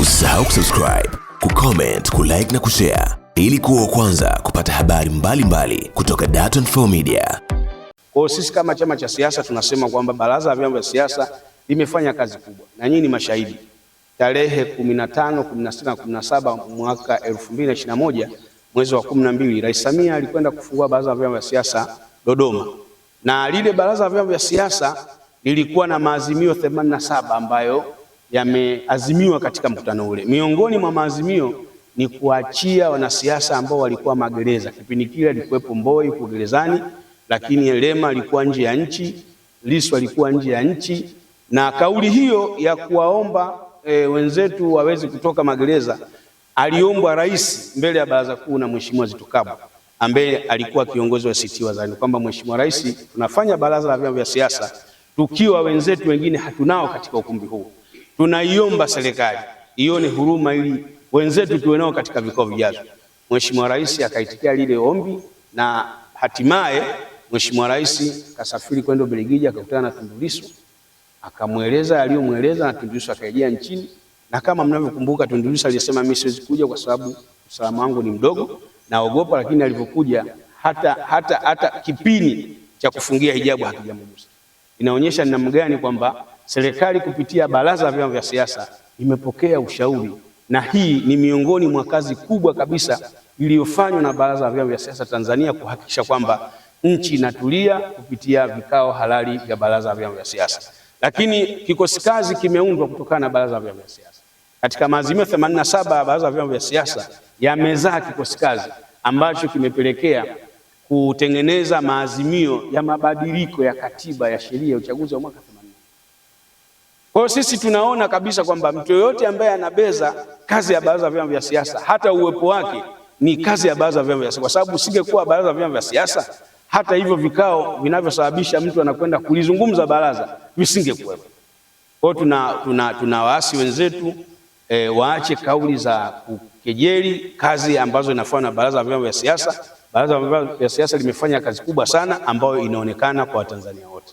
Usisahau kusubscribe, kucomment, kulike na kushare ili kuwa kwanza kupata habari mbalimbali mbali kutoka Dar24 Media. Kwa sisi kama chama cha siasa tunasema kwamba baraza la vyama vya siasa limefanya kazi kubwa na nyinyi ni mashahidi. Tarehe 15, 16, 17 mwaka 2021 mwezi wa 12, Rais Samia alikwenda kufungua baraza la vyama vya siasa Dodoma, na lile baraza la vyama vya siasa lilikuwa na maazimio 87 ambayo yameazimiwa katika mkutano ule. Miongoni mwa maazimio ni kuachia wanasiasa ambao walikuwa magereza. Kipindi kile alikuwepo Mboi huko gerezani, lakini Lema alikuwa nje ya nchi, Lissu alikuwa nje ya nchi, na kauli hiyo ya kuwaomba e, wenzetu waweze kutoka magereza aliombwa rais mbele ya baraza kuu na mheshimiwa Zitto Kabwe ambaye alikuwa kiongozi wa ACT Wazalendo kwamba Mheshimiwa Rais, tunafanya baraza la vyama vya siasa tukiwa wenzetu wengine hatunao katika ukumbi huu. Tunaiomba serikali ione huruma ili wenzetu tuwe nao katika vikao vijazo Mheshimiwa Rais akaitikia lile ombi na hatimaye Mheshimiwa Rais kasafiri kwenda Ubelgiji akakutana na Tundu Lissu akamweleza aliyomweleza na Tundu Lissu akarejea nchini, na kama mnavyokumbuka, Tundu Lissu alisema mimi siwezi kuja kwa sababu usalama wangu ni mdogo, naogopa. Lakini alivyokuja hata, hata, hata kipini cha kufungia hijabu hakijamgusa. Inaonyesha ni namna gani kwamba serikali kupitia baraza la vyama vya siasa imepokea ushauri, na hii ni miongoni mwa kazi kubwa kabisa iliyofanywa na baraza la vyama vya siasa Tanzania kuhakikisha kwamba nchi inatulia kupitia vikao halali vya baraza la vyama vya siasa. Lakini kikosi kazi kimeundwa kutokana na baraza la vyama vya siasa. Katika maazimio 87 ya baraza la vyama vya siasa yamezaa kikosi kazi ambacho kimepelekea kutengeneza maazimio ya mabadiliko ya katiba ya sheria ya uchaguzi wa mwaka kwa hiyo sisi tunaona kabisa kwamba mtu yoyote ambaye anabeza kazi ya baraza vyama vya siasa, hata uwepo wake ni kazi ya baraza vyama vya siasa, kwa sababu usingekuwa baraza vyama vya siasa, hata hivyo vikao vinavyosababisha mtu anakwenda kulizungumza baraza visingekuwepo. Kwa hiyo tuna, tuna, tuna waasi wenzetu e, waache kauli za kukejeli kazi ambazo inafanywa na baraza la vyama vya siasa. Baraza la vyama vya siasa limefanya kazi kubwa sana ambayo inaonekana kwa Watanzania wote.